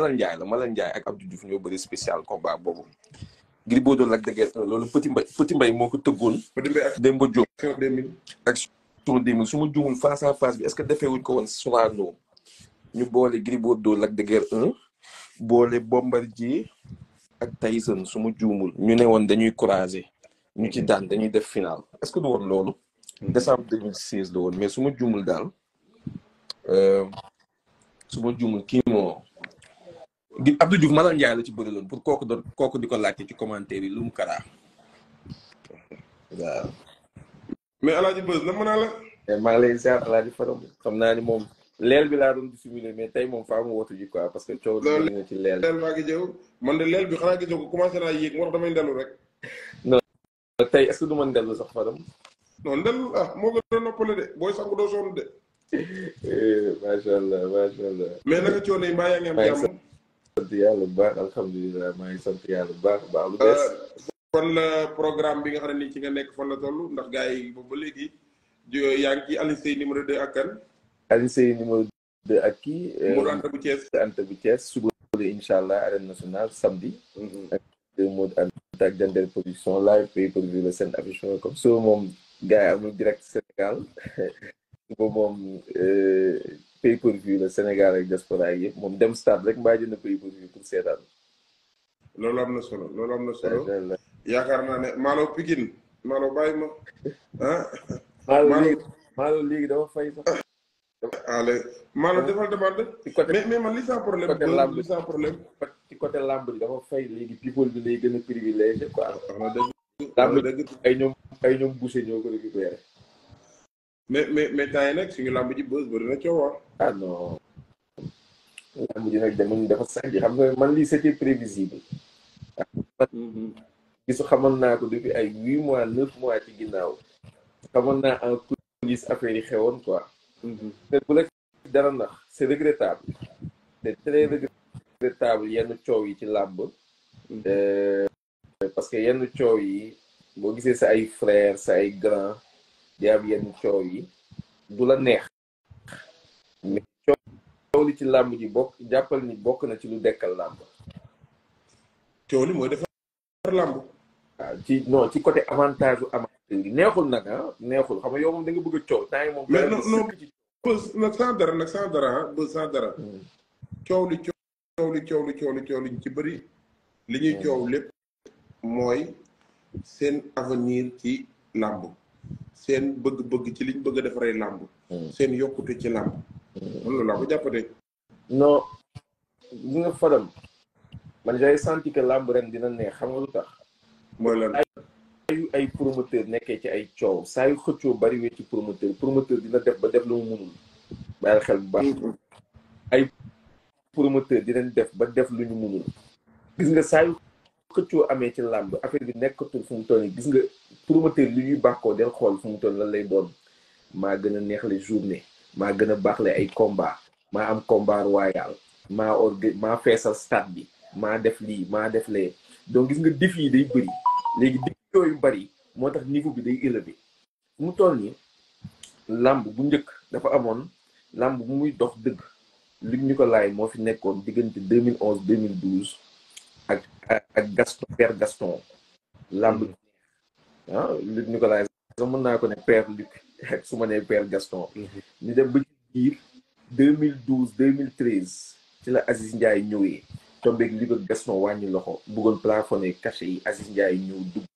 Malal Ndiaye la Malal Ndiaye ak Abdou Diouf ñoo bëri spécial combat boobu. Gris Bordeaux Lac de Guiers loolu Petit Mbay Petit Mbay moo ko tëggoon. Petit Mbay ak Demba Diop. action 2000 su ma juumul face à face bi ce que defee wuñ ko woon Sorano ñu boole Gris Bordeaux Lac de Guiers 1 boole Bombardier ak Tyson su ma juumul ñu ne woon dañuy croiser ñu ci daan dañuy def final est-ce que du woon loolu. Mm. décembre 2016 la woon mais suma ma juumul daal euh, su juumul kii moo. Abdou Diouf maanaam Ndiaye la ci bëri loon pour kooku doon kooku di ko laajte ci commentaire yi lu mu karaa. waaw. mais El na mën naa la. Eh, maa ngi lay ziar El Faram xam naa ni moom leel bi laa doon dissimulé mais tey moom faa mu wootu ji quoi parce que coow li nga ci leel. leel maa ngi jëw man de leel bi xanaa gisoo ko commencé naa yéeg moo tax damay ndellu rek. non tey est ce ma ndellu sax Faram. non ndellu ah moo gën a noppale de booy sangu doo sonn de. macha allah macha allah. mais naka coono yi mbaa yaa ngi am jàmm. Santia ya, Lebak alhamdulillah may Santia Lebak ba lu eh, dess kon la eh, programme bi nga xamni ci nga nek fan la tollu ndax gaay yi ba léegi yaa ngi ci Alioune Seye numéro 2 ak kan? Ali Sey numéro 2 ak ki eh, Mourante bu Thiès Anta bu Thiès suba la incha allah arène nationale samedi mm-hmm. ak Modou Anta ak Jander production live pay per view la seen affiche comme so mom gaay yi amul direct Sénégal bo mom euh pay per view la Sénégal ak diaspora ak yëpp moom dem stade rek mbaa jënd pay per view pour seetaan. loolu am na solo loolu am na solo. yaakaar naa ne Malo Pikine Malo bàyyi ma ah. Malo Malo léegi dama fay sax. Ah, allez Malo ah. defal demande. ci côté mais mais man li sans problème. côté làmb li sans problème. ci côté làmb bi dafa fay léegi people bi lay gën a privilégié quoi. Ah, làmb ay ñoom ay ñoom Boucher ñoo ko récupéré. mais mais mais temps yi nag suñu làmb ji bës bëri na coowal. ah non. làmb ji nag demuñ dafa sànni xam nga man lii c'était prévisible. Mm-hmm. gisu xamoon naa ko depuis ay huit mois neuf mois ci ginnaaw. xamoon naa en coulisses affaire yi xewoon quoi. Mm-hmm. mais bu la dara ndax c'est regrettable. c'est très regrettable yenn coow yi ci làmb. Mm-hmm. Euh, parce que yenn coow yi boo gisee sa ay frères sa ay grands. di am yenn coow yi du la neex mais coow li ci làmb ji bokk jàppal ni bokk na ci lu dekkal làmb coow li mooy defar làmb waaw ah, ci non ci côté avantage u amateur neexul nag ah, neexul xam yow moom da bëgg a coow temps yi moom mais non non bës nag sans dara nag sans dara ah bës dara hmm. coow li coow li coow li coow li ci bëri li ñuy hmm. coow lépp mooy seen avenir ci làmb seen bëgg-bëgg ci liñ bëgg a defaree làmb hmm. seen yokkute ci làmb man hmm. loolu laa ko jàppatee non li nga fadam man j'ai senti que làmb ren dina neex xam nga lu tax mooy lan saayu ay promoteur nekkee ci ay coow saa yu xëccoo bariwee ci promoteur promoteur dina def ba def lu mu mënul bàyyil xel bu baax hmm. ay promoteur dinañ def ba def lu ñu mënul gis nga saayu xëccoo amee ci làmb affaire bi nekkatul fumu mu toll nii gis nga promoteur li ñuy baax koo del xool fu toll lan lay doon maa gën a neexle journée maa gën a baaxle ay combat am combat royal maa orga maa feesal stade bi maa def lii maa def lee gis nga défi yi day léegi défi yooyu moo tax niveau bi day élevé mu toll nii làmb bu njëkk dafa amoon làmb bu muy dox dëgg li ñu ko laay moo fi nekkoon diggante 2011 2012 ak Gaston père Gaston. làmb ah Luc Nicolaï sax mën naa ko ne père Luc ak su ma nee père Gaston. Mhm. ñu dem ba 2012 2013 c'est la Aziz Ndiaye tombé avec Luc Gaston wàññi loxo bëggoon plafonné cachet Aziz Ndiaye ñëw dugg.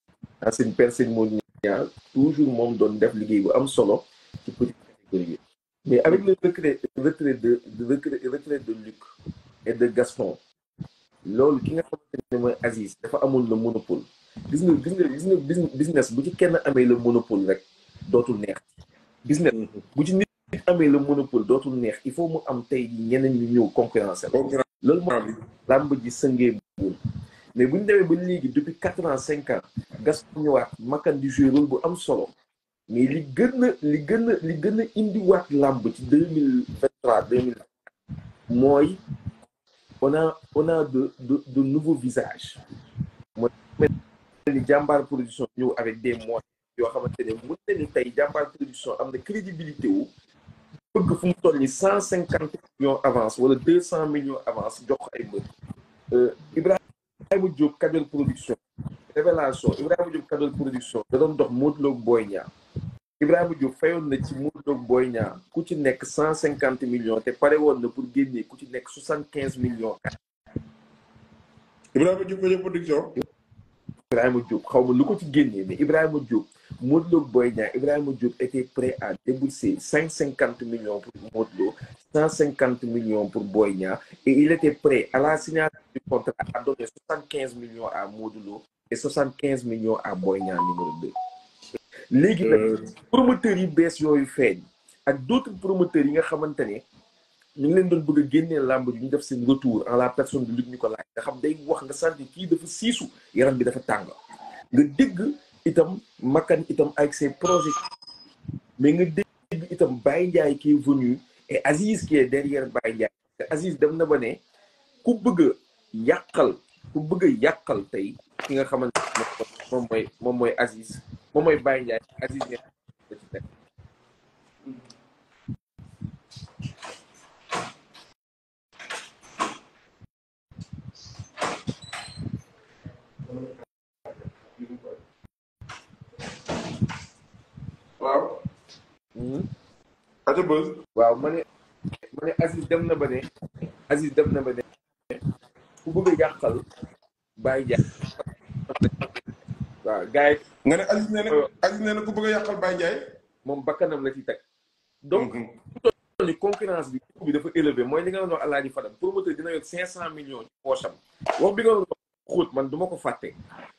ancien père sëñ Modou Niang toujours moom doon def liggéey bu am solo ci petite catégorie mais avec le retrait retrait de de, retrait de Luc et de Gaston. loolu ki nga xamante ne mooy Aziz dafa amul le monopole gis nga gis nga gis nga business bu ci kenn amee le monopole rek dootul neex business mm-hmm. bu ci nit amee le monopole dootul neex il faut mu am tey ñeneen ñu ñëw concurrence loolu moo làmb ji sëngee buul mais bu ñu demee ba léegi depuis quatre ans cinq ans gas ñëwaat makkan di jouer rôle bu am solo mais li gën a li gën a li gën a indiwaat làmb ci deux mille vingt trois deux mille mooy on a on a de de, de nouveaux visages mooy mel ni jàmbaar production ñëw avec des mois, yoo xamante ne mën nañu tey production avec des crédibilité wu bëgg fu mu donniez 150 millions avance wala 200 millions avance jox ay mbër euh, Ibrahima Diop Kadel production révélation Ibrahima Diop Kadel production da doon dox Modou Lo Boy Ibrahim Diouf fayon na ci Mourdo Boyna ku ci nek 150 millions té paré won na pour génné ku ci nek 75 millions Ibrahim Diouf fayon production Ibrahim Diouf xawma lu ko ci génné mais Ibrahim Diouf Modulo Boyna Ibrahim Diouf était prêt à débourser 550 millions pour Modulo, 150 millions pour Boyna et il était prêt à la signature du contrat à donner 75 millions à Modulo et 75 millions à Boyna numéro 2 légui nak euh. promoteur yu bees yoy feñ ak d'autres promoteurs yi nga xamantene ñu ngi leen doon bëgg a lamb làmb ñu def seen retour en la personne de Luc Nicolas nga xam day wax nga sante ki dafa sisu yaram bi dafa tang nga dégg itam Makan itam avec ses projets mais nga dégg itam Baye Ndiaye qui est venu et Aziz qui est derrière Baye Ndiaye Aziz dem na ba ku bëgg yakal ku bëgg yakal tay ki nga xamante moom mooy moom mooy Aziz moom mooy Baye Ndiaye Aziz ne da ci teg waaw hmm? aja bëgg waaw ma ne ma ne Aziz dem na ba ne Aziz dem na ba ne ku bëgg yàqal Baye Ndiaye waaw gars yi. nga ne Aziz nee na euh. Aziz nee na ku bëgg a yàqal Baye Ndiaye. moom bakkanam la ci teg. donc mhm. mu ni concurrence bi bi dafa élevé mooy li nga doon Alaaji Fadam promoteur dina yor 500 millions ci poosam wax bi nga doon xóot man du ma ko fàtte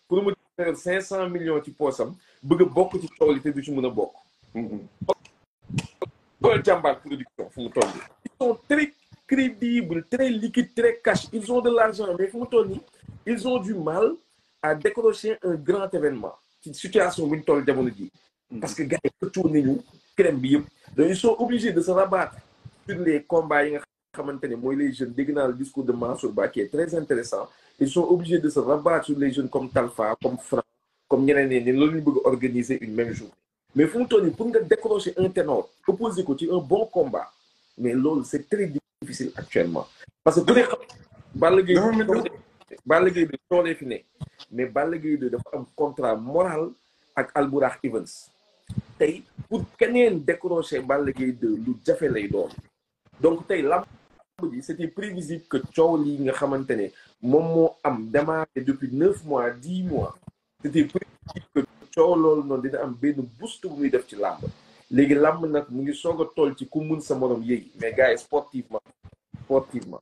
promoteur dina yor cinq millions ci poosam bëgg a bokk ci tool yi te du ci mën a bokk. Mhm. loolu jàmbaar production fu mu toll nii. ils sont très crédibles très liquides très cash ils ont de l'argent mais fu mu toll nii ils ont du mal à décrocher un grand événement une situation où ñu toll le mm-hmm. parce que gars ils ëtoo nañu ils sont obligés de se rabattre sur les combats yi nga les jeunes dégg naa le discours de Mansour qui est très intéressant ils sont obligés de se rabattre sur les jeunes comme Talfa comme Franck, comme ñeneen Ils ne pas bëgg organiser une même journée mais il faut pour nga décrocher un ténor opposé ko ci un bon combat mais loolu c'est très difficile actuellement parce que ku les xam Balla mais Balla Gaye 2 dafa am contrat moral ak Albourakh Events tey pour keneen décrocher Balla Gaye lu jafe lay doon donc tey lamb ji c'était prévisible que coow lii nga xamante ne moom moo am démarré depuis neuf mois dix mois c'était prévisible que coow loolu noonu dina am benn boost bu muy def ci làmb léegi làmb nag mu ngi soog a toll ci ku mun sa morom yéegi mais gars yi sportivement sportivement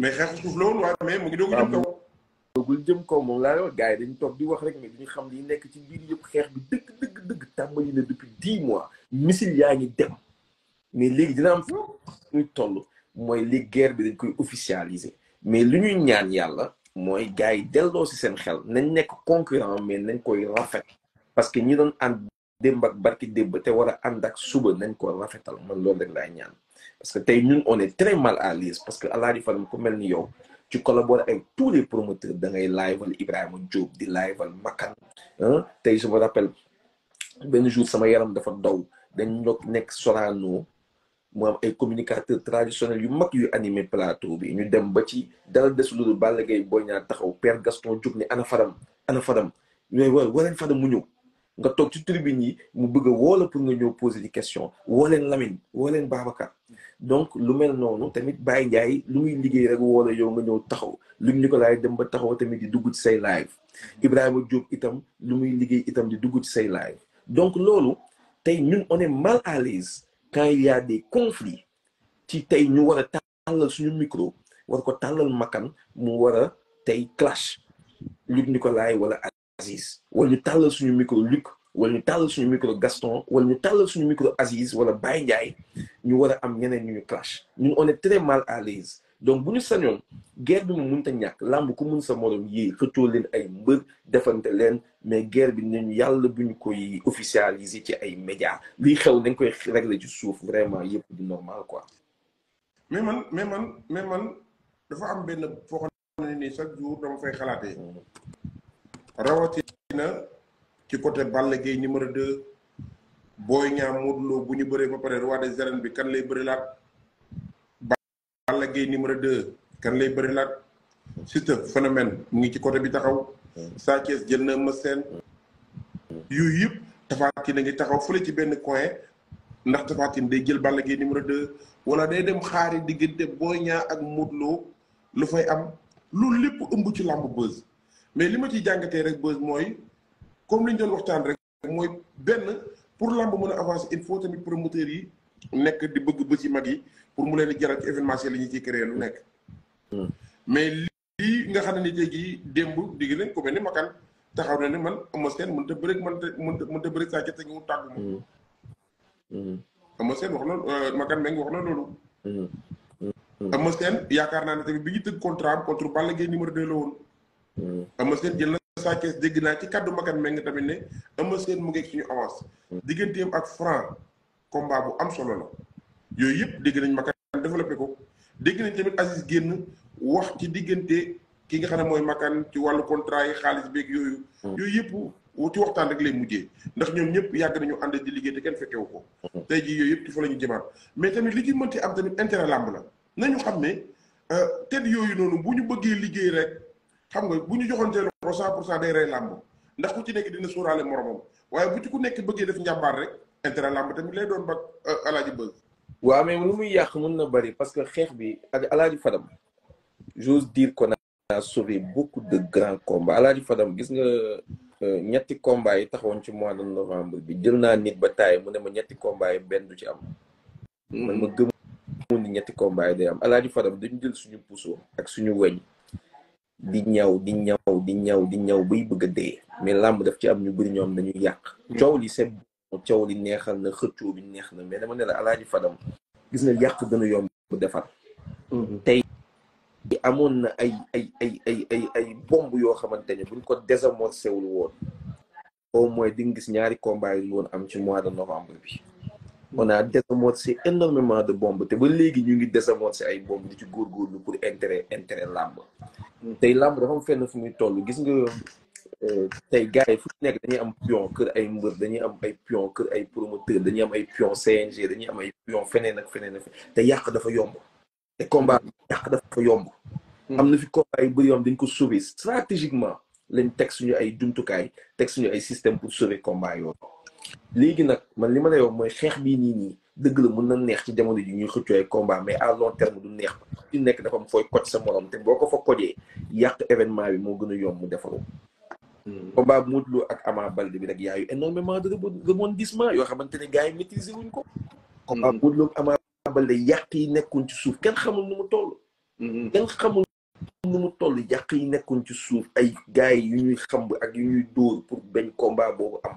mais xeexu suuf loolu mais mu ngi doog jëm kaw. doogul jëm kaw moom laa wax gars yi dañu toog di wax rek mais duñu xam li nekk ci biir yëpp xeex bi dëgg dëgg dëgg tàmbali na depuis dix mois missile yaa ngi dem mais léegi dina am ñuy toll mooy li guerre bi dañ koy officialiser mais li ñuy ñaan yàlla mooy gars yi delloo si seen xel nañ nekk concurrent mais nañ koy rafet parce que ñi doon ànd démb ak barki démb te war a ànd ak suba nañ ko rafetal man loolu rek laay ñaan parce que tey ñun on est très mal à l'aise parce que Allah Alaaji Fadam comme mel ni yow tu collabore avec tous les promoteurs da ngay liveal Ibrahima Diop di liveal Makan hein? tey je me rappelle benn jour sama yaram dafa daw dañ ñoo nekk Sorano moi am communicateur traditionnel traditionnels yu mag yu animé plateau bi ñu dem ba ci dara desul lu Balla Gaye Boy Niang taxaw Père Gaston jóg ne ana Fadam ana Fadam ñooy war wareen Fadam mu ñëw nga tok ci tribune yi mu bëgg a pour nga ñëw poser des questions woo leen Lamine woo Babacar donc lu mel noonu tamit Baye Ndiaye lu muy liggéey rek woo yow nga ñëw taxaw lu ñu ko lay dem ba taxaw tamit di dugg ci say live Ibrahima Diop itam lu muy liggéey itam di dugg ci say live donc lolu tay ñun on est mal à l'aise quand il y a des conflits ci tay ñu wara talal suñu micro war ko talal makan mu wara tay clash lu ñu ko lay wala Aziz wala ñu tàllal suñu micro Luc wala ñu tàllal suñu micro Gaston wala ñu tàllal suñu micro Aziz wala Baye Ndiaye ñu war a am ñeneen ñu ñu clash ñun on est très mal à l'aise donc bu ñu sañoon guerre bi mu mënta ñàkk làmb ku mun sa morom yi xëccoo leen ay mbër defante leen mais guerre bi nañu yàlla bu ñu koy officialiser ci ay médias liy xew nañ koy régler ci suuf vraiment yëpp du normal quoi. mais man mais man man dafa am benn foo xam ne nii chaque rawatina ci côté Balla Gaye numéro 2 Boy Niang Modou bu ñu bëree ba pare roi des arènes bi kan lay bari laat Balla Gaye numéro 2 kan lay bëri laat Siteu phénomène mu ngi ci côté bi taxaw Sa Thiès jël na ma seen yooyu yëpp Tapha Tine ngi taxaw fële ci benn coin ndax Tapha day jël ball Gaye numéro 2 wala day dem xaari diggante booy Niang ak Modou Lo lu fay am loolu lépp ëmb ci làmb bës mais lima ci jangate rek bës moy comme liñ doon waxtan rek moy ben pour lamb mën avancer il faut tamit promoteur yi nek di bëgg bës ci mag yi pour mu leen di jaral ci événementiel ci ñu ciy créé lu nek hmm. mais li nga xamné ni tey jii démb digg nañ ko mel Makan taxaw na ni man amo sen mën ta bëreeg mën ta mën ta bëreeg sa ci tagu mu tàggu ma. Hmm. Hmm. Eumeu Sène wax lool euh, Makan meng wax na lool amo sen yaakaar na ne tamit biñu ñu contrat contre Balla Gaye numéro 2 la woon. Eumeu hmm. Sène jël na Sa dégg naa ci kaddu Makan Mbengue tamit ne Eumeu Sène mu ngi ak suñu avance hmm. digganteem ak Franc combat bu am solo la yooyu yëpp dégg nañ Makan développé ko dégg nañ tamit Aziz génn wax ci diggante ki nga xam ne mooy Makan ci wàllu contrat yi xaalis beeg yooyu hmm. yooyu yëpp ci waxtaan rek lay mujjee ndax ñoom ñëpp yàgg nañu ànd di liggéey te kenn fekkewu ko tey jii yooyu yëpp ci fa la ñu jëmaat mais tamit li ci mënti am tamit intérêt làmb la nañu xam ne euh, tedd yooyu noonu bu ñu bëggee liggéey rek xam nga bu ñu joxoon seen loxo 100 pour saa day rey làmb ndax ku ci nekk dina sóoraale moromam waaye bu ci ku nekk bëggee def njàmbaar rek intérêt làmb tamit lay doon ba euh, alaaji bëgg. waaw mais lu muy yàq mën na bëri parce que xeex bi ak alaaji Fadam j'ose dire qu'on a sauvé beaucoup de grands combats alaaji Fadam gis nga euh, ñetti combats yi taxawoon ci mois de novembre bi jël naa nit ba taay mu ne ma ñetti kombaay yi benn du ci am. man ma gëm ni ñetti combats yi day am alaaji Fadam dañu jël suñu puso ak suñu weñ. di ñaw di ñaw di ñaw di ñaw bay bëgg a dee mais làmb def ci am ñu bëri ñoom dañuy yàq coow li set coow li neexal na xëccoo bi neex na mais dama ne la alaaji fadam gis na yàq gën a yomb defar mm-hmm. tey amoon na ay ay ay ay ay ay bomb yoo xamante ne buñ ko désamorcé wul woon au moins di nga gis ñaari combat yi woon am ci mois de novembre bi on a désamorcé énormément de bomb te ba léegi ñu ngi désamorcé ay bombes di ci góorgóorlu pour intérêt intérêt làmb tey làmb dafa am fenn fu muy toll gis nga euh, tey gars yi fu nekk dañuy am pion kër ay mbër dañuy am ay pion kër ay promoteur dañuy am ay pion CNG dañuy am ay pion feneen ak feneen ak te yàq dafa yomb te combat yàq dafa yomb hmm. am na fi combat yu bëri yoo dañ ko sauver stratégiquement lañ teg suñu ay jumtukaay teg suñu ay système pour sauver combat léegi nag man li ma lay wax mooy xeex bii nii nii dëgg la mën na neex ci jamono ji ñuy xëccoo ay combat mais à long terme du neex ba ci nekk dafa mu fooy koj sa morom te boo ko fa kojee yàq événement bi moo gën a yomb mu defaru hmm. combat Modou Lô ak amaa Baldé bi nag yaa yu énormément de rebondissement yoo xamante ne gars yi wuñ ko combat Modou Lô ak Ama Baldé yàq yi nekkuñ ci suuf kenn xamul nu mu toll hmm. kenn xamul nu mu toll yàq yi nekkuñ ci suuf ay gaay yu ñuy xamb ak yu ñuy dóor pour benn combat boobu am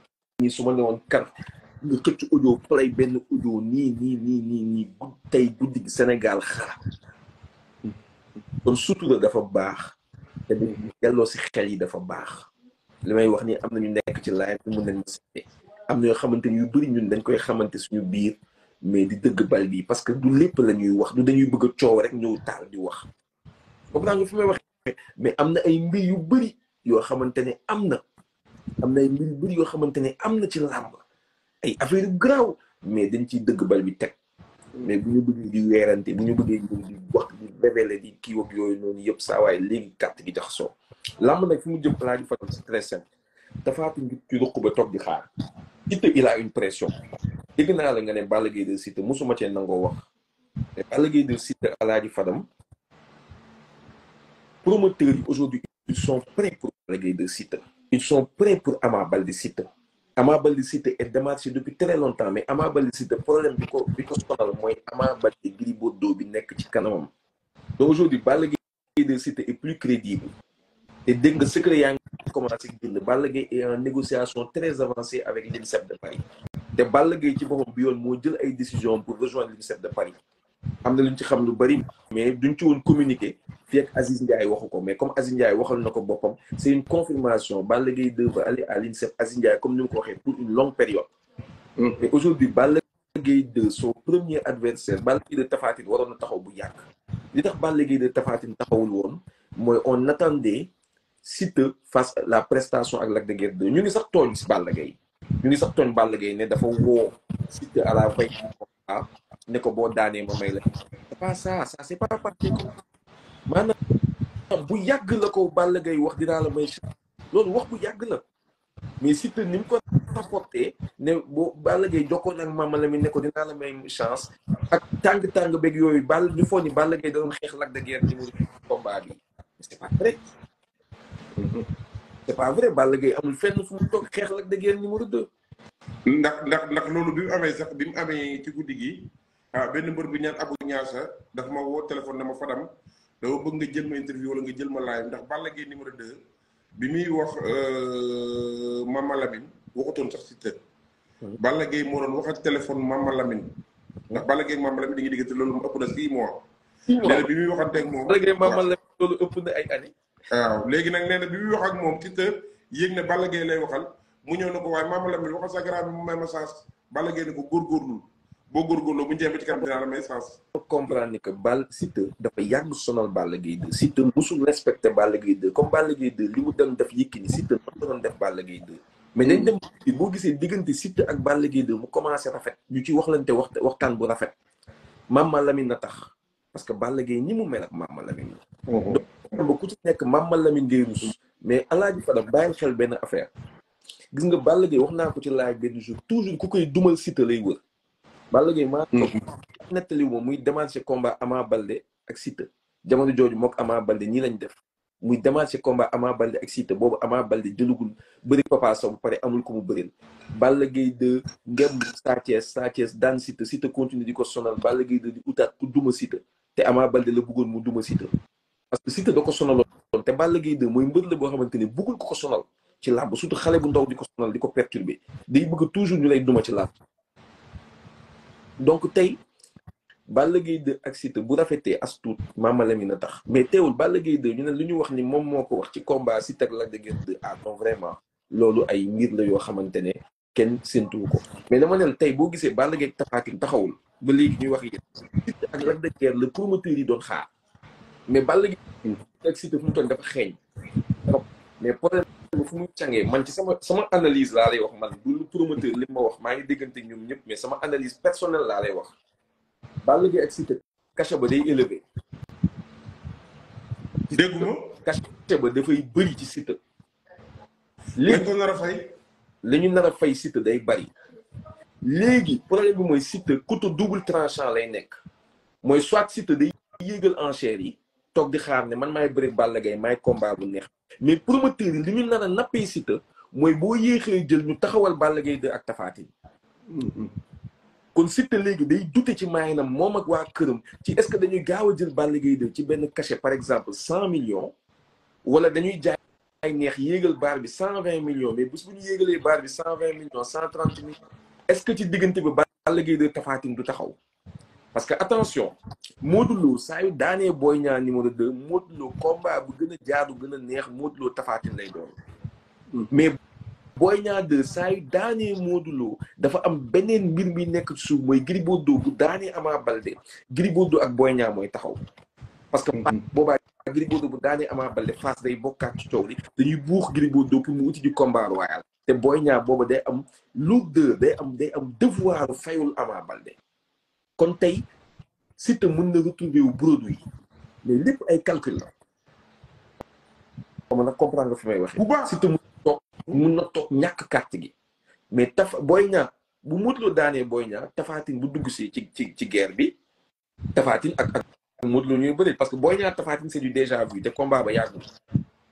nii su ma ne woon kar nga xëcc audio play benn audio nii nii nii nii nii tey guddi gi Sénégal xara kon sutura dafa baax te dañ delloo si xel yi dafa baax li may wax ni am na ñu nekk ci live mun nañ am na yoo xamante ni yu bëri ñun dañ koy xamante suñu biir mais di dëgg bal bi parce que du lépp lañuy wax du dañuy bëgg a coow rek ñu taal di wax boobu nga fi may waxee mais am na ay mbir yu bari yoo xamante ne am na xam na ay mbir mbir yoo xamante ne am na ci làmb ay affaire yu mais dañ ciy dëgg bal bi teg mais bu ñu bëggee di weerante bu ñu bëggee di wax di révélé di kii yooyu noonu yëpp saa waaye léegi kàtt gi jaxasoo làmb nag fi mu jëm palaa ji fatam c'est très ci ruq ba toog di xaar itte il a une pression dégg naa la nga ne Balla Gaye de Siteu mosuma cee nangoo wax te Balla Gaye de Siteu alaaji fadam promoteurs yi aujourd'hui ils sont prêts pour Balla de Siteu ils sont prêts pour Amar de Amar Ama est démarché depuis très longtemps mais Amar de le problème bi ko bi ko sonal mooy Ama Baldé Gris qui bi nekk ci donc aujourd'hui Balla de Cité est plus crédible Et que nga secret yaa ngi commencé est en négociation très avancée avec l'INSEP de Paris Et Balla Gaye ci boppam bi yoon moo jël ay décisions pour rejoindre l'INSEP de Paris am na lu ci xam lu bari mais duñ ci woon communiqué fii ak Aziz Ndiaye waxu ko mais comme Aziz Ndiaye waxal na ko boppam c' est une confirmation Balla Gaye 2 va aller à l'INSEP Aziz Ndiaye comme ni mu ko waxee pour une longue période mais hmm. aujourd'hui Balla Gaye 2 son premier adversaire Balla Gaye 2 Tapha waroon na taxaw bu yàgg li tax Balla Gaye 2 Tapha taxawul woon mooy on attendait Siteu face la prestation ak Lac de guerre de ñu ngi sax tooñ si Balla Gaye ñu ngi sax tooñ Balla Gaye ne dafa woo Siteu à la veille ne ko boo daanee ma may la c'est pas ça ça c'est pas parce que maanaam bu yàgg la ko Balla Gaye wax dinaa la may loolu wax bu yàgg la mais surtout ni mu ko rapporté ne boo Balla Gaye jokkoon ak Mama Lamine ne ko dinaa la may chance ak tàng-tàng beeg yooyu Balla ñu foog ni Balla Gaye da doon xeex Lac de Guiers ni c'est pas vrai mm-hmm. c'est pas amul fenn fu mu toog xeex Lac de Guiers numéro ndax ndax ndax loolu bi mu amee sax bi mu amee ci guddi gi ah benn mbër bi ñaan Abu Ñaasa dafa ma woo téléphone dama fadam dama bëgg nga jël ma interview wala nga jël ma live ndax Balla Gaye numéro 2 bi muy wax euh, Mama Lamine waxutoon sax si tër. Hmm. Balla Gaye moo doon wax ak téléphone Mama Lamine. ndax Balla Gaye ak Mama Lamine dañuy diggante loolu mu ëpp na six mois. six mois nee na bi muy waxanteeg moom. Balla Gaye Mama Lamine loolu na ay années. waaw wax ak moom ci tër yéeg ne Balla Gaye lay waxal mu ñëw na ko waaye Mama Lamine waxal sa grand bi mu may ma chance Balla Gaye ne ko góorgóorlu. boo góorgóorloo bu ñu jéem ci kanam dinaa la dafa yàgg sonal Balla Gaye 2 Siteu musul respecté Balla Gaye 2 comme Balla Gaye 2 li mu doon def Yékini Siteu noonu doon def Balla Gaye 2. boo gisee diggante Siteu ak Balla Gaye 2 mu commencé rafet ñu ci waxlante wax waxtaan bu rafet Mama Lamine na tax parce que Balla Gaye ñi mu mel ak Mama Lamine mhm. ku ci nekk Mama Lamine ngay rus. mais alaaji Fada bàyyi xel benn affaire gis nga Balla Gaye wax naa ko ci laaj benn jour toujours ku koy dumal Siteu lay wër. Balla Gaye maa mm-hmm. nettali moom muy démarché combat Ama Balde ak Siteu jamono jooju mook Ama Balde nii lañ def muy démarché combat Ama Balde ak Siteu boobu amaa Balde jëlugul bëri Papa Sow ba pare amul ko mu bëril Balla Gaye 2 ngem Sa Thiès Sa Thiès daan Siteu Siteu continue di ko sonal Balla Gaye 2 di utaat ku duma Siteu te Ama Balde la bëggoon mu duma Siteu parce que Siteu da ko sonal te Balla Gaye 2 mooy mbër boo xamante ne bëggul ko ko sonal ci làmb surtout xale bu ndaw di ko sonal di ko perturber day bëgg toujours ñu lay duma ci làmb donc tey Balla Gaye 2 ak Siteu bu rafetee as tuut Mama Lamine a tax mais teewul Balla Gaye 2 ñu ne lu ñu wax ni moom moo ko wax ci combat Siteu ak Lac de Guiers 2 ah non vraiment loolu ay mbir la yoo xamante ne kenn séntuwu ko mais dama ne tey boo gisee Balla Gaye Tapha Tine taxawul ba léegi ñuy wax yéen Siteu ak Lac de Guiers la promoteur yi doon xaar mais Balla Gaye ak Siteu fu toll dafa xeeñ mais problème ma fu mu cangee man ci sama sama analyse laa lay wax man du lu promoteur li ma wax maa ngi déggante ñoom ñëpp mais sama analyse personnelle laa lay wax Balla Gaye ak Siteu cachet ba day élevé dégguma cachet dafay bëri ci Siteu li ko nar a fay nar a fay Siteu day bëri léegi problème bi mooy Siteu couteau double tranchant lay nekk mooy soit Siteu day yéegal enchères yi toog di xaar ne man maay bëri Balla Gaye maay combat bu neex mais promoteur yi li ñu nar a nappee Siteu mooy boo yéexee jël ñu taxawal Balla Gaye 2 ak Tapha mm-hmm. kon Siteu léegi day dute ci maayinam moom ak waa këram ci est-ce que dañuy gaaw a jël Balla Gaye 2 ci benn cachet par exemple cent millions wala dañuy jaay ay neex yéegal baar bi cent vingt millions mais bés bu ñu yéegalee baar bi cent vingt millions cent trente millions est-ce que ci diggante bi Balla Gaye 2 Tapha Tine taxaw parce que attention modulo Lo saa yu Boy Niang numéro 2 modulo combat bu gëna jaadu gëna neex modulo Lo lay doon. Hmm. mais Boy Niang 2 saa yu modulo dafa am benen mbir bi nekk su moy mooy Gris bu daanee Ama balde Gris Bordeaux ak Boy Niang mooy taxaw. parce que hmm. boobaa Gris Bordeaux bu daanee Ama balde face day bokkaat ci coow dañuy buux Gris Bordeaux pour mu uti du combat royal te Boy Niang booba day am lu deux day am day am devoir fayul Ama balde kon tey Siteu mën na retrouver wu produit mais lépp ay calcul la. xam nga comprendre nga fi may waxee. bu baax Siteu mën na toog mën na ñàkk carte gi mais taf booy ñaa bu Modou daanee booy ñaa tafaatin bu dugg see ci ci ci guerre bi tafaatin ak ak Modou Lo ñuy bëri parce que booy ñaar tafaatin c'est du déjà vu te combat ba yàggul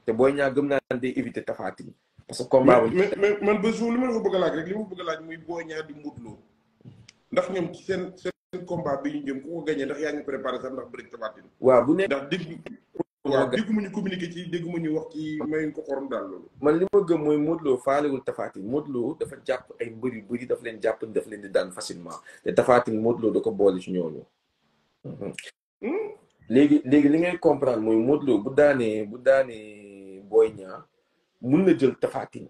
te booy ñaa gëm naa day éviter tafaatin parce que combat ba mais mais man ba jour li ma la ko bëgg laaj rek li ma ko bëgg laaj muy booy ñaa di Modou ndax ñoom seen combat bi ñu ko gagné ndax yaa ngi préparé sax ndax bëri tabaatin waaw bu ne ndax dégg waaw dégguma ñu ci dégguma ñu wax ci mayuñ ko xorom daal loolu man li ma gëm mooy Modou faalewul Tafatin Modou Lo dafa jàpp ay mbër yu bëri daf leen jàpp ni daf leen di daan facilement te Tafatin Modou Lo da ko boole ci ñooñu mhm. hmm? léegi léegi li ngay comprendre mooy Modou bu daanee bu daanee booy ñaa mun na jël Tafatin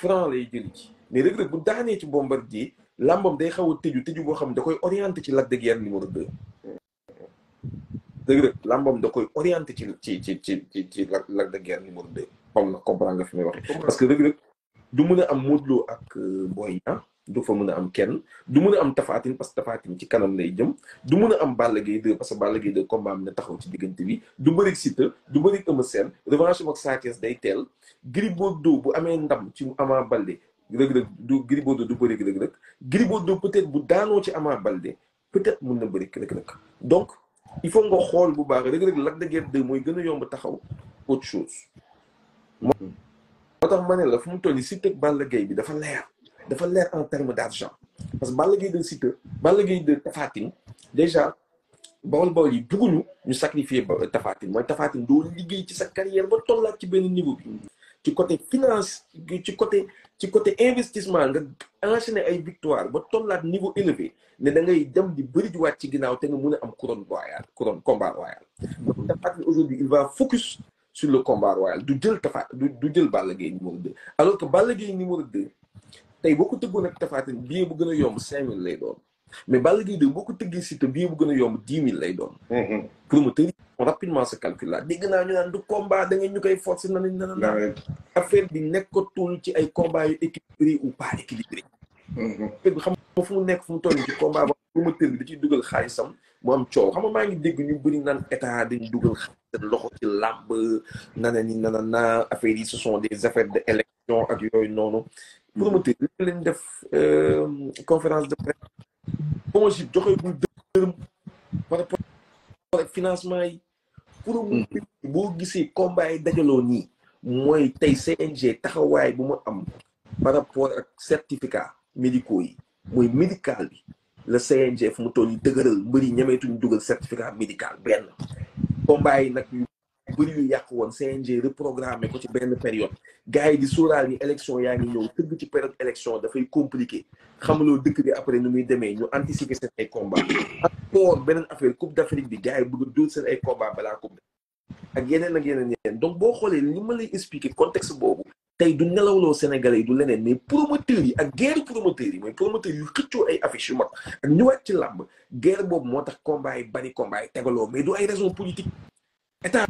franc lay jëli ci mais Reug Reug bu daanee ci Bombardier làmbam day xaw a tëju tëju boo xam da koy orienté ci Lac de Guiers numéro deux Reug Reug da koy orienté ci ci ci ci ci ci Lac de Guiers numéro deux xaw na comprendre fi may waxe parce que reg Reug du mën a am Modou ak euh, Boy Niang du fa mun a am kenn du mën a am tafaatin parce que tafaatin ci kanam lay jëm du mën a am Balla Gaye 2 parce que Balla Gaye 2 combat am na taxaw ci diggante bi du bërig Siteu du bërig Eumeu Sène revanche ak Sa Thiès day teel Gris Bordeaux bu amee ndam ci Ama Baldé rëg-rëg du Gris Bordeaux du bërig rëg-rëg Gris Bordeaux peut-être bu daanoo ci Ama Baldé peut-être mën na bërig rëg-rëg donc il faut nga xool bu baax rëg-rëg Lac de Guiers 2 mooy gën a yomb taxaw autre chose moo tax ma ne la fu mu toll Siteu ak Balla bi dafa leer dafa leer en termes d'argent parce que Balla de Siteu Balla de Tafatine déjà bawol bawol yi duguñu ñu sacrifier ba Tafatine Tine mooy Tapha Tine liggéey ci sa carrière ba tollaat ci ben niveau bi ci côté finance ci côté ci côté investissement nga enchaîner ay victoire ba tollaat niveau élevé ne da ngay dem di bëri juwaat ci ginnaaw te nga mun a am couronne royal couronne combat royal donc tafatine aujourd'hui il va focus sur le combat royal du jël Tafat du jël Balla Gaye numéro 2 alors que Balla Gaye numéro 2 tey boo ko tëggoon ak Tapha Tine billet bu gën a yomb cinq mille lay doon mais Balla Gaye 2 boo ko tëggee Siteu billet bu gën a yomb dix mille lay doon mm-hmm. promoteur yi rapidement sa calcul la dégg naa ñu naan na nañ nana naa affaire bi nekkatul ci ay combat yu équilibré ou pas équilibré mm-hmm. xam nga fu mu nekk fu mu toll ci combat ba promoteur bi da ciy dugal xaalisam mu am coow xam nga maa ngi dégg ñu bëri naan état dañ dugal xaalis seen loxo ci làmb nana ni nana naa affaire yi ce sont des affaires de ñoo ak yooyu noonu promoteur léegi lañ def euh, conférence de presse fonds joxegul dërëm par rapport ak financement yi promoteur hmm. boo gisee combat yi dajaloo nii mooy tey CNG taxawaay bu mu am par rapport ak certificat médicaux yi mooy médical bi la CNG fu mu toll yi dëgëral mbëri ñameetuñ dugal certificat médical mbir yu yàqu woon CNG reprogrammé ko ci benn période gars yi di sóoraal ni élection yaa ngi ñëw tëgg ci période élection dafay compliqué xamuloo dëkk bi après nu muy demee ñu anticiper seen ay combat ak pour beneen affaire coupe d' afrique bi gars yi bëgg dóor seen ay combat balaa coupe ak yeneen ak yeneen yeneen donc boo xoolee li ma lay expliquer contexte boobu tey du nelawloo sénégalais yi du leneen mais promoteurs yi ak guerre promoteurs yi mooy promoteurs yu xëccoo ay affiche yu mag ak ñëwaat ci làmb guerre boobu moo tax combat yi bari combat yi tegaloo mais du ay raison politique état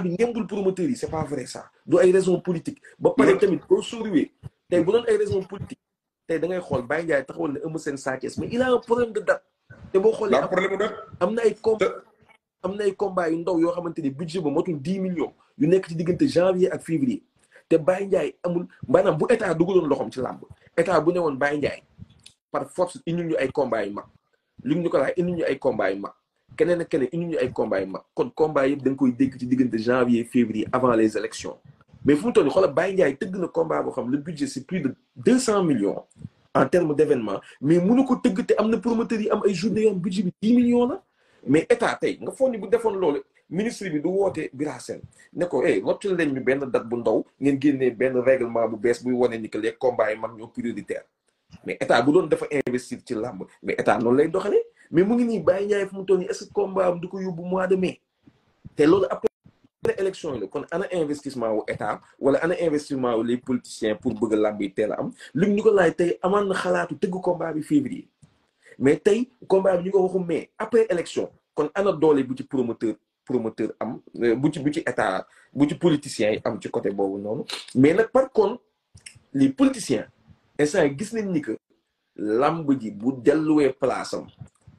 ngembul promoteur yi c'est pas vrai ça du ay raison politique ba pare tamit ko souriwee tey bu doon ay raison politique tey da ngay xol Baye Ndiaye taxawal ne eum sen Sa mais il a un problème de date te boo xoolee am amna ay combat amna ay combat yu ndaw yo xamanteni budget bu motul 10 millions yu nek ci diggante janvier ak février te Baye Ndiaye amul manam bu état dugaloon loxom ci lamb état bu ne woon Baye Ndiaye par force indi ñu ay combat yu mag lim ñu ko laaj indi ñu ay combat yu mag keneen ak keneen indi ñu ay combat yu mag kon combat yëpp da nga koy dégg ci diggante janvier février avant les élections mais fu mu toll xoolal Baye Ndiaye tëgg na combat boo xam le budget c'est plus de 200 millions en termes d'événement mais mënu ko tëgg te am na promoteur yi am ay journée yoo budget bi 10 millions la mais état tey nga fonni bu defoon loolu ministre bi du woote Bira Sène ne ko eh wottul leen ñu benn date bu ndaw ngeen génnee benn règlement bu bees buy wane ni que les combats yi mag ñoo prioritaire mais état bu doon dafa investir ci làmb mais état noonu lay doxalee mais mu ngi nii Baye ñay fu mu toni est-ce combat am du ko yóbbu mois de mai te lolu après élection yi kon ana investissement wu état wala ana investissement wu les politiciens pour bëgg lambi yi la am lim ñu ko lay tay amaan na xalaatu tëgg combat bi février mais tay combat bi ñu ko waxu mai après élection kon ana doole bu ci promoteur promoteur am euh, bu ci bu ci état bu ci politiciens am ci côté bobu non mais le par contre les politiciens instant gis nañ ni que lamb ji bu delluwee place am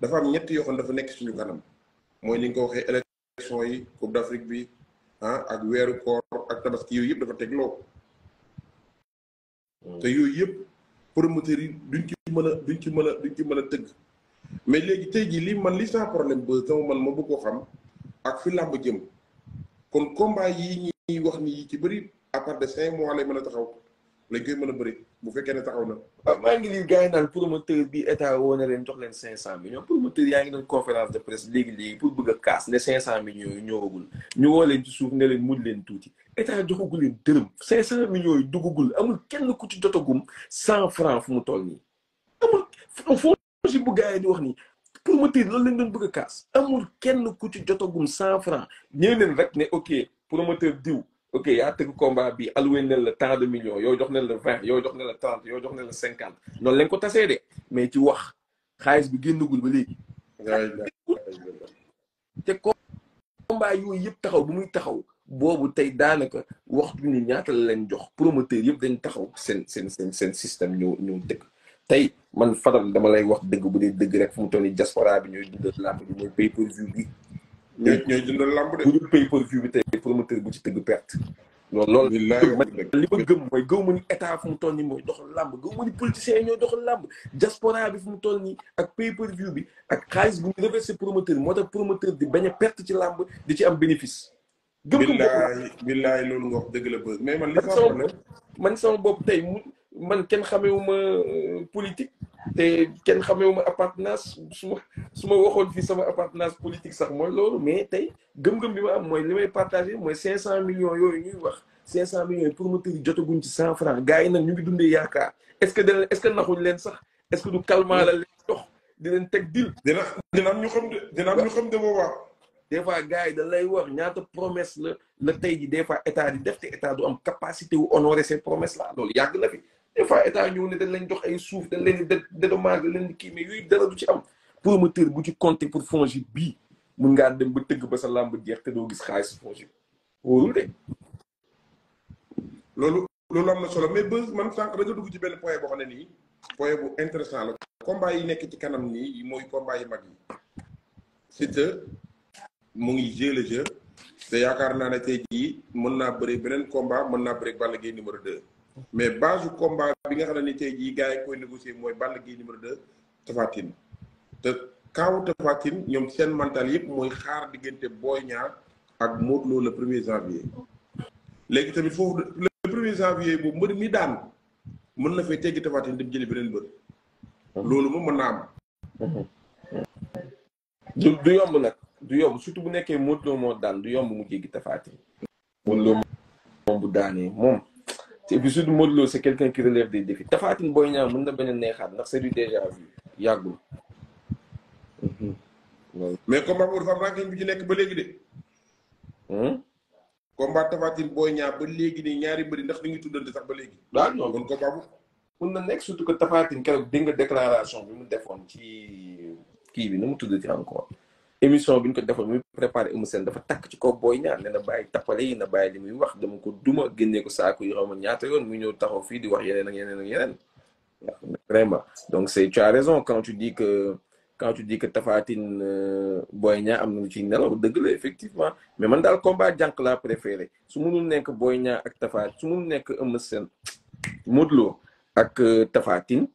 dafa am ñetti yoo xam dafa nekk suñu kanam mooy ni nga ko waxee élection yi coupe d'Afrique bi ah ak weeru koor ak tabaski yooyu yëpp dafa tegloo loo te yooyu yëpp promoteurs yi duñ ci mën a duñ ci mën a duñ ci mën a tëgg mais léegi tey jii li man li sans problème ba sama man ma bëgg koo xam ak fi làmb jëm kon combat yi ñuy wax ni ci bëri à part de cinq mois lay mën a taxaw lañ koy mën a bëri bu fekkee ne taxaw na. maa ngi lii gars yi naan promoteur bi état woo na leen jox leen cinq cent millions promoteur yaa ngi doon conférence de presse léegi pour bëgg kaas ne cinq cent millions yi ñëwagul ñu woo leen ci suuf ne leen mujj leen tuuti état joxagul leen dërëm cinq cent millions yi duggagul amul kenn ku ci jotagum cent franc fu mu toll nii amul fo si bu gars yi di wax nii promoteur loolu lañ doon bëgg a kaas amul kenn ku ci jotagum cent franc ñëw leen rek ne ok promoteur diw ok yaa tëgg combat bi alloué nañ la tant de millions yoo jox nañ la vingt yoo jox nañ la trente yoo jox nañ la cinquante noonu lañ ko tasee de mais ci wax xaalis bi génnagul ba léegi. te combat yooyu yëpp taxaw bu muy taxaw boobu tey daanaka waxtu ñu ñaata la leen jox promoteur yëpp dañ taxaw seen seen seen seen système ñoo ñoo dëkk tey man Fadam dama lay wax dëgg bu dee dëgg rek fu mu toll nii diaspora bi ñooy dundal làmb bi mooy pay per view ñooy ñooy dundal lamb de. bu ñu pay per view bi tey promoteur bu ci tëgg perte. loolu loolu ma gëm mooy gëw ma ni état fu mu toll nii mooy doxal làmb gëw bi fu mu toll nii ak pay per view bi ak xaalis bu ñu reversé promoteur moo tax promoteur di bañ a perte ci làmb di ci am bénéfice. gëm ko billaay billaay loolu nga wax dëgg la man. sama bopp tey man kenn xamewuma euh, politique. te kenn xamewuma appartenance su ma su ma waxoon fii sama appartenance politique sax mooy loolu mais tey gëm-gëm bi ma am mooy li may partagé mooy cinq cent millions yooyu ñuy wax cinq cent millions pour ma yi jotaguñ ci cent franc gars yi nag ñu ngi dundee yaakaar est ce que dana est ce que naxuñ leen sax est ce que du calmant la leen jox di leen teg dil dina am ñu xam de dina am ñu xam de boobaa des fois gars yi da lay wax ñaata promesse la la tey ji des fois état di def te état du am capacité wu honorer loolu yàgg na fi des fois état ñëw ne dañ leen jox ay suuf dañ leen di dédommage dañ leen di kii mais yooyu dara du ci am ma promoteur bu ci compter pour FONGIP bii mun ngaa dem ba tëgg ba sa làmb jeex te doo gis xaalis FONGIP wóorul de. loolu loolu am na solo mais ba man sànq da nga dugg ci benn point boo xam ne nii point bu intéressant la. combat yi nekk ci kanam nii mooy combat yi mag yi. Siteu mu ngi jouer le jeu te yaakaar naa ne tey jii mën naa bëri beneen combat mën naa bëri Balla Gaye numéro 2. mais base combat bi nga xam ne ni tey jii gars yi koy négocier mooy Balla Gaye numéro 2 Tapha Tine te kaawu Tapha ñoom seen mental yëpp mooy xaar diggante booy Niang ak Modou Lo le premier janvier. léegi tamit foofu le premier janvier boobu mbër mi daan mën na fay teggi Tapha Tine dem jëli beneen mbër. loolu moom mën naa am. du du yomb nag du yomb surtout bu nekkee Modou Lo moo daan du yomb mu jéggi Tapha moom bu daanee moom. et puis surtout Modou Lo c'est quelqu'un qui relève des défis Tapha Tine Boy Niang mën na beneen neexaat ndax c'est du déjà vu yàggul. Mhm. mais combat boobu dafa ranking bi ci nekk ba léegi de. Hmm? combat Tapha Tine Boy ñaar ba léegi nii ñaari bëri ndax li ngi tuddante sax ba léegi. waaw non kon combat boobu. mun na nekk surtout que Tapha Tine keroog dégg nga déclaration bi mu defoon ci kii bi nu mu tuddati encore. émission biñ ko defoon muy préparé Eumeu Sène dafa tak ci ko Boy Niang leena na tapalé yi na bàyyi limuy wax dama ko duma génnee ko saako yi xaw ñaata yoon muy ñëw taxaw fi di wax yeneen ak yeneen ak yeneen vraiment donc c'est tu as raison quand tu dis que quand tu dis que Tafatine euh, Boy Niang am na ci nelaw deug la effectivement mais man dal combat jank la préféré su munul nekk Boy Niang ak tafat su munul nekk Eumeu Sène modlo ak euh, Tafatine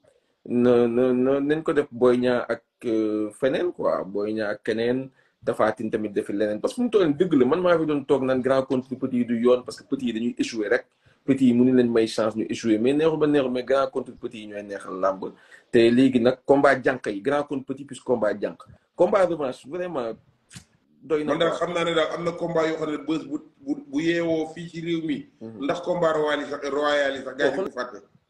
na na na nañ ko def Boy Niang ak Euh, feneen quoi Boy Niang ak keneen Tapha Tine tamit defi leneen parce que mu toll dëgg la man maa fi doon toog naan grand contre petit yi du yoon parce que petit yi dañuy échoué rek may chance ñu échoué mais neexul ba neexul mais grand contre petit yi ñooy neexal làmb te léegi nag combat jànq yi grand contre petit plus combat jànq combat revanche vraiment doy na xam naa ne daal am na combat yoo xam ne bés bu bu yeewoo ci réew mi mhm. ndax combat royal a sax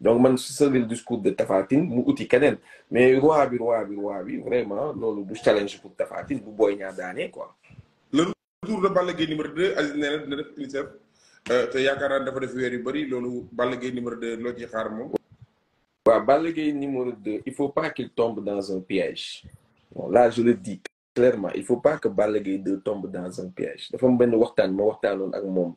donc man su sauver le discours de Tafatine mu outil keneen mais roi bi roi bi roi bi vraiment loolu du challenge pour Tafatine bu boy ñaar dané quoi. le tour de Balla Gaye numéro 2 Aziz nee na dina def UNICEF euh, te yakara dafa def weer bari bëri loolu Balla numéro 2 lo ci xaar moom. waaw Balla numéro 2 il faut pas qu'il tombe dans un piège bon là je le dis clairement il faut pas que Balla 2 tombe dans un piège dafa am benn waxtaan ma waxtaanoon ak mom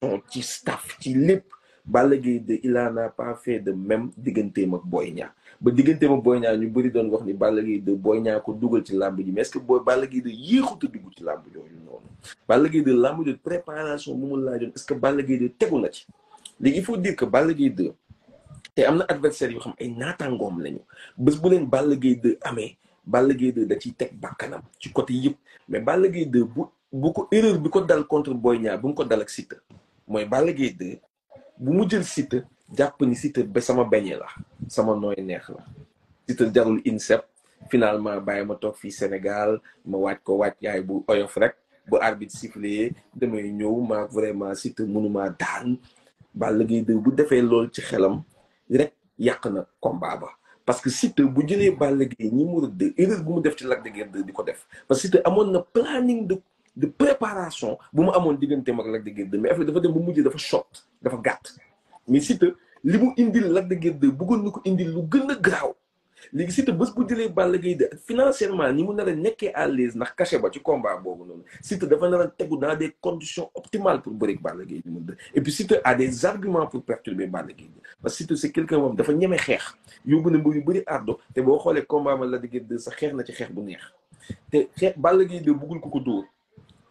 façon ci staff ci lépp Balla Gaye de il n'a pas fait de même digganteem Boy Niang ba digganteem ak Boy Niang ñu bëri doon wax ni Balla Gaye de Boy Niang ko dugal ci làmb ji mais est-ce que booy Balla Gaye de yéexut a dugg ci làmb noonu Balla Gaye de préparation bu mu laajoon est-ce que Balla Gaye de tegu na ci léegi il faut dire que Balla Gaye te am na adversaire yoo xam ay naataangoom lañu bés bu leen Balla Gaye de amee Balla Gaye de da ciy teg bakkanam ci côté yëpp bu ko erreur bi ko dal contre Boy Niang bu ko dal ak site moy Balla Gaye bu mu jël site japp ni site be sama beñe la sama noy neex la site jarul INSEP finalement bàyyi ma toog fi senegal ma wacc ko wacc yaay bu oyof rek bu arbitre sifflé demay ñew ma vraiment site mënumaa daan Balla Gaye 2 bu défé lol ci xelam rek yak na combat ba parce que site bu jëlé Balla ñi mu rëdd erreur bu mu def ci Lac de guerre 2 di def parce que site amoon na planning de de préparation bu mu amone diggante mak Lac de guerre 2 mais affaire dafa dem bu mujjé dafa short dafa gàtt mais Siteu li mu indil Lac de guerre 2 bëggoon na ko indil lu gën graw garaaw léegi Siteu bés bu jëlee Balla Gaye 2 financièrement ni mu nar a nekkee à l'aise ndax cachet ba ci combat boobu noonu Siteu dafa nar a dans des conditions optimales pour bëri Balla Gaye 2 et puis Siteu a des arguments pour perturber Balla Gaye 2 parce que Siteu c'est quelqu'un moom dafa ñëmé xeex yobu na mbir yu bëri ardo te bo xolé combat ma la de guerre 2 sa xeex na ci xeex bu neex te xeex Balla Gaye 2 bëggul ko ko dóor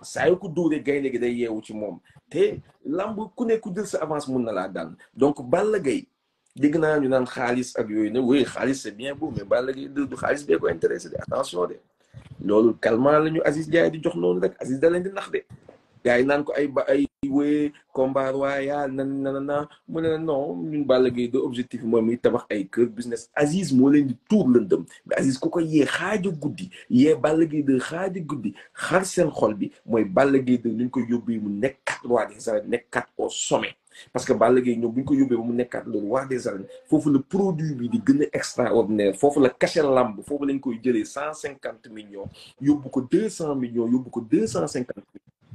saa yu ko dóoree gaynde gi day yeewu ci moom te lamb ku nekk ku jël sa avance mun na laa daan donc Balla Gaye dégg naa ñu naan xaalis ak yooyu ne oui xaalis c'est bien beau mais Balla Gaye du xaalis bee ko intéressé de attention de loolu calmant la ñu Aziz di jox noonu rek Aziz da leen di nax de yaa nan ko ay ay wéy combat royal nan nanana mo ne non ñun Balla Gaye de objectif bi mi tabax ay kër business Aziz mo leen di tour lëndëm mais Aziz ko ko yee xaaja guddi yee Balla Gaye de xaaja guddi xar seen xol bi mooy Balla Gaye de ñu ko yóbbee mu nekkat roi des arènes nekkat au sommet parce que Balla Gaye ñoom bu ñu ko yóbbee ba mu nekkaat le roi des arènes fofu le produit bi di gën extraordinaire fofu la cachet lamb foofu lañ koy jëlé 150 millions yóbbu ko 200 millions yóbbu ko 250 millions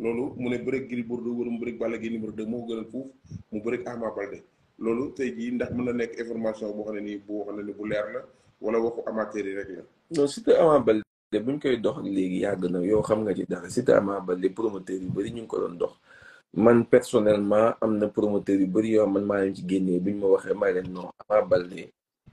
loolu mu ne bëreeg Gris Bordeaux wala mu bëreeg Balla Gaye numéro 2 moo ko gënal fuuf mu bëreeg Ama Baldé loolu tey jii ndax mun na nekk information boo xam ne nii boo xam ne ni bu leer la wala waxu amateur yi rek la. non surtout Ama Baldé buñ koy dox léegi yàgg na yow xam nga ci dara surtout Ama Baldé promoteur yu bëri ñu ngi ko doon dox man personnellement am na promoteur yu bëri yoo man maa leen ci génnee buñ ma waxee maa leen non Ama Baldé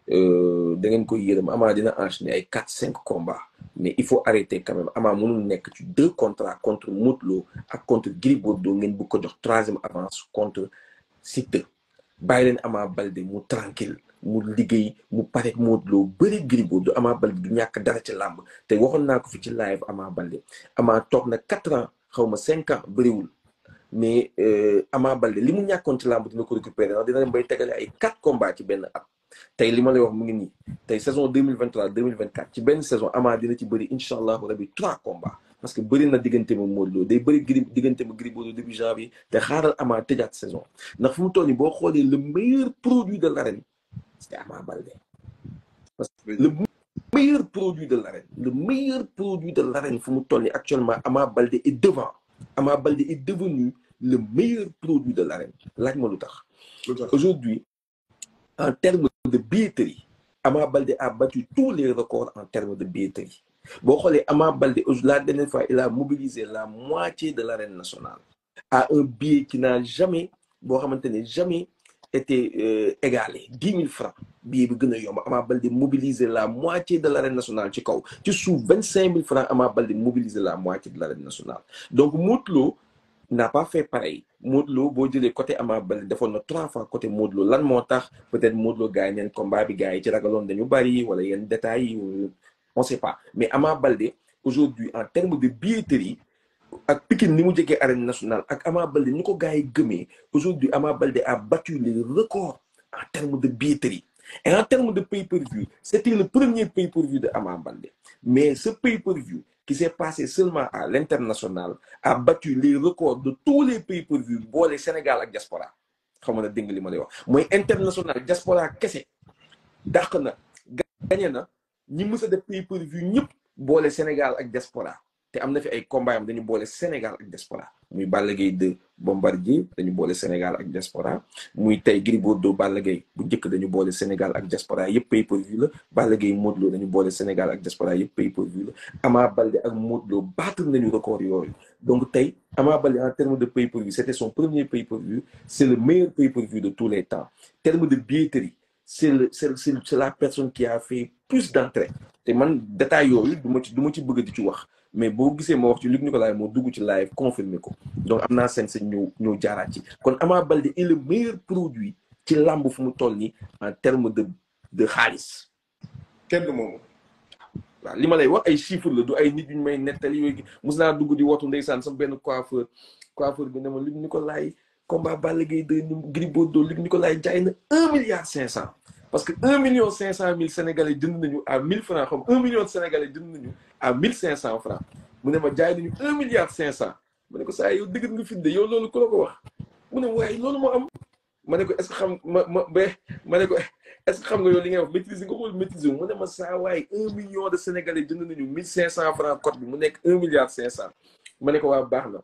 euh, da ngeen koy yërëm Ama dina enchaîner ay quatre cinq combats. mais il faut arrêter quand même Ama n'est que ci deux contrats contre Moutlo et contre gribodo Bordeaux beaucoup de ko troisième avance contre Siteu bàyyi a Ama balde mu tranquille mu liguey mu parek Modou beuri bëri Gris Ama Baldé du ñak dara ci lamb te waxon nako fi ci live Ama balde Ama toog na 4 ans xawma 5 ans ans wul mais euh, Ama balde limu mu contre ci làmb dina ko récupérer ndax dina dem bay ay quatre combats ci ben app tay li ma lay wax mu ngi ni tay saison 2023 2024 ci benn saison Ama dina ci bëri inshallah a rabi trois combats parce que bëri na diggante de Modou Lo day bëri gri diggante ma Gris Bordeaux début janvier te xaaral Ama tejat saison ndax fu mu toll nii boo xoolee le meilleur produit de l'arène c'est Ama Balde le meilleur produit de l'arène le meilleur produit de l'arène fu mu actuellement Ama Balde est devant Ama Balde est devenu le meilleur produit de l'arène laaj ma lu tax aujourd'hui en termes de billetterie, Ama Balde a battu tous les records en termes de billetterie. Bokhole Ama Balde, la dernière fois, il a mobilisé la moitié de l'arène nationale à un billet qui n'a jamais, jamais été euh, égalé. 10 000 francs. Billet Ama Balde mobilisé la moitié de l'arène nationale. Tu sous 25 000 francs, Ama Balde mobilisé la moitié de l'arène nationale. Donc, Moutlo, n'a pas fait pareil Modlo, je le côté Ama Baldé trois fois côté Modlo. Lo lan peut-être Modlo gagne, un combat bi gars yi ci ragaloon dañu bari détails on sait pas mais Ama aujourd'hui en termes de billetterie ak Pikine ni mu jegee arène nationale ak Ama Baldé ni ko aujourd'hui Ama a battu les records en termes de billetterie et en termes de pay-per-view c'était le premier pay-per-view de Ama mais ce pay-per-view il s'est passé seulement à l'international a battu les records de tous les pays pourvus le Sénégal la diaspora Comme on a dit, international diaspora qu'est-ce na gagné na ñi mës a pays pourvus pour boole Sénégal la diaspora té amna fi ay combat am dañu bolé Sénégal ak diaspora muy Balla de 2 Bombardier dañu bolé Sénégal ak diaspora muy tay Gris Bordeaux Balla bu jëk dañu bolé Sénégal ak diaspora yépp pay-per-view la Balla Gaye dañu bolé Sénégal ak diaspora yépp pay-per-view la Ama Baldé ak Modlo battre nañu record yooyu donc tay Ama Baldé en terme de pay pourvu. c'était son premier pay pourvu. c'est le meilleur pay pourvu de tous les temps en terme de billetterie c'est le c'est la personne qui a fait plus d'entrées te man détail yooyu du ma ci du ci wax mais bo c'est Nicolai wax ci Luc nicolas mo dugg ci live confirmé ko donc amna sen sen sañ ñëw jaara ci kon Ama Balde est le meilleur produit ci lamb fu mu toll en terme de de khalis kenn du wax ay chiffres la du ay nit ñu may yoy dugg di sama ben coiffeur coiffeur bi neuma Luc combat de Gris Bordeaux Luc un milliard parce que 1 million cinq mille sénégalais jënd nañu à 1000 francs un million de sénégalais nañu. à mille cinq cent francs mu ne ma jaay nañu un milliard cinq cent ma ne ko saa yow dëgg nga fi de yow loolu ku la ko wax mu ne waaye loolu moo am ma ne ko est ce que xam ma ma ba ma ne ko est ce um xam nga yow li ngay wax maîtrise nga xool maîtrise mu ne ma saa waaye un million de sénégalais jënd nañu mille cinq cent francs cote bi mu nekk un milliard cinq cent ma ne ko waa baax na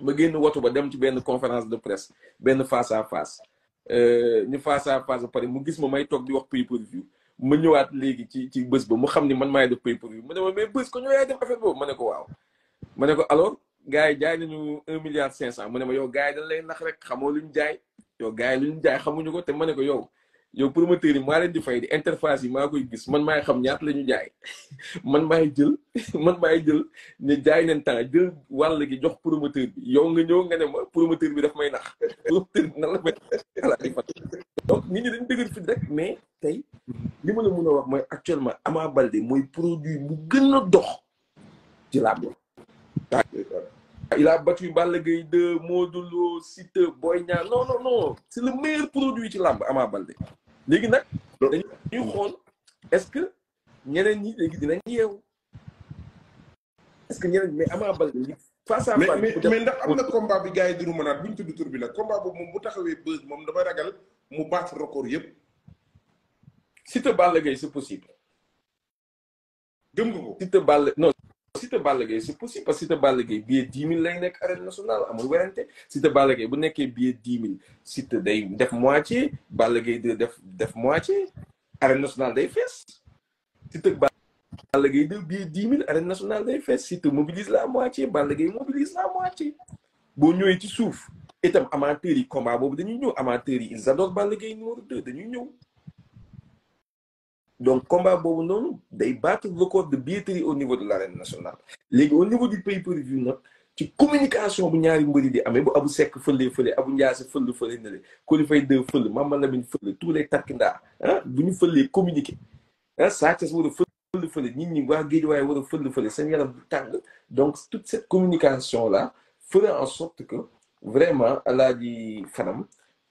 ma génn watu ba dem ci benn conférence de presse benn face à face euh, ñu face à face ba pare mu gis ma may toog di wax pay per view ma ñëwaat léegi ci ci bés ba mu xam ni man maay def pay per view mu ne ma mais bés ko ñu yaay def affaire boobu ma ne ko waaw ma ne ko alors gars yi jaay nañu un milliard cinq cent mu ne ma yow gars yi dañ lay nax rek xamoo luñ jaay yow gars yi luñ jaay xamuñu ko te ma ne ko yow yow promoteur yi maa leen di fay di interface yi maa koy gis man maay xam ñaata la ñu jaay man maay jël man maay jël ñu jaay neen temps jël wàll gi jox promoteur bi yow nga ñëw nga ne ma promoteur bi daf may nax promoteur nan la may xalaat fa donc nit ñi dañ dëgër fit rek mais tey li ma la mën a wax mooy actuellement Ama Baldé mooy produit mu gën a dox ci làmb il a battu Balla Gaye 2 Modou Lo Siteu Boy Niang non non non c'est le meilleur produit ci làmb Ama Baldé léegi nag dañuy xool est-ce que ñeneen ñi léegi dinañ yeewu est-ce que ñeneen mais Ama Baldé li face à face mais mais ndax am na combat bi gars yi dinu mënaat bu ñu tudd bi la combat boobu moom bu taxawee buzz moom dama ragal mu baat record yëpp Siteu Balla Gaye c'est possible gëm nga ko Siteu Balla Siteu Balla Gaye c'est possible parce que Siteu Balla Gaye billet dix mille lay nekk arène nationale amul werante Siteu Balla Gaye bu nekkee billet dix mille Siteu day def moitié Balla Gaye di def def moitié arène nationale day fees Siteu Balla Gaye de billet dix mille arène nationale day fees Siteu mobilise la moitié Balla Gaye mobilise la moitié boo ñëwee ci suuf itam amateurs yi combat boobu dañuy ñëw amateurs yi ils adorent Balla Gaye dañuy ñëw donc combat boobu noonu day battre record de billetterie au niveau de l'arène nationale léegi au niveau du pays per view nag ci communication bu ñaari mbëri di amee bu abu sekk fële fële abu njaase fële fële nele koli fay deux fële mama lamin fële tous les tarkindaa hein, bu ñu communiquer. Hein, ah saates war a fële fële nit ñi waa géej waaye war a fële fële seen yaram bu tàng donc toute cette communication là fera en sorte que vraiment di fanam,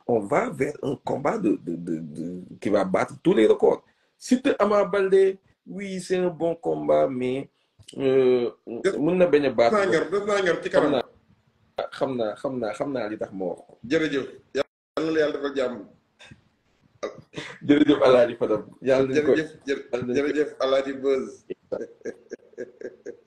on va vers un combat de de de qui va battre tous les records Siteu Ama Baldé oui c'est un bon combat mais. Euh, mën na bañ baax. daf naa ñor daf naa ci kanam. xam naa xam naa xam naa li tax ma wax ko. jërëjëf yàlla na yàlla defal jàmm. jërëjëf Alaaji Fadam. yàlla nañu ko jërëjëf jërëjëf Alaaji Beuz.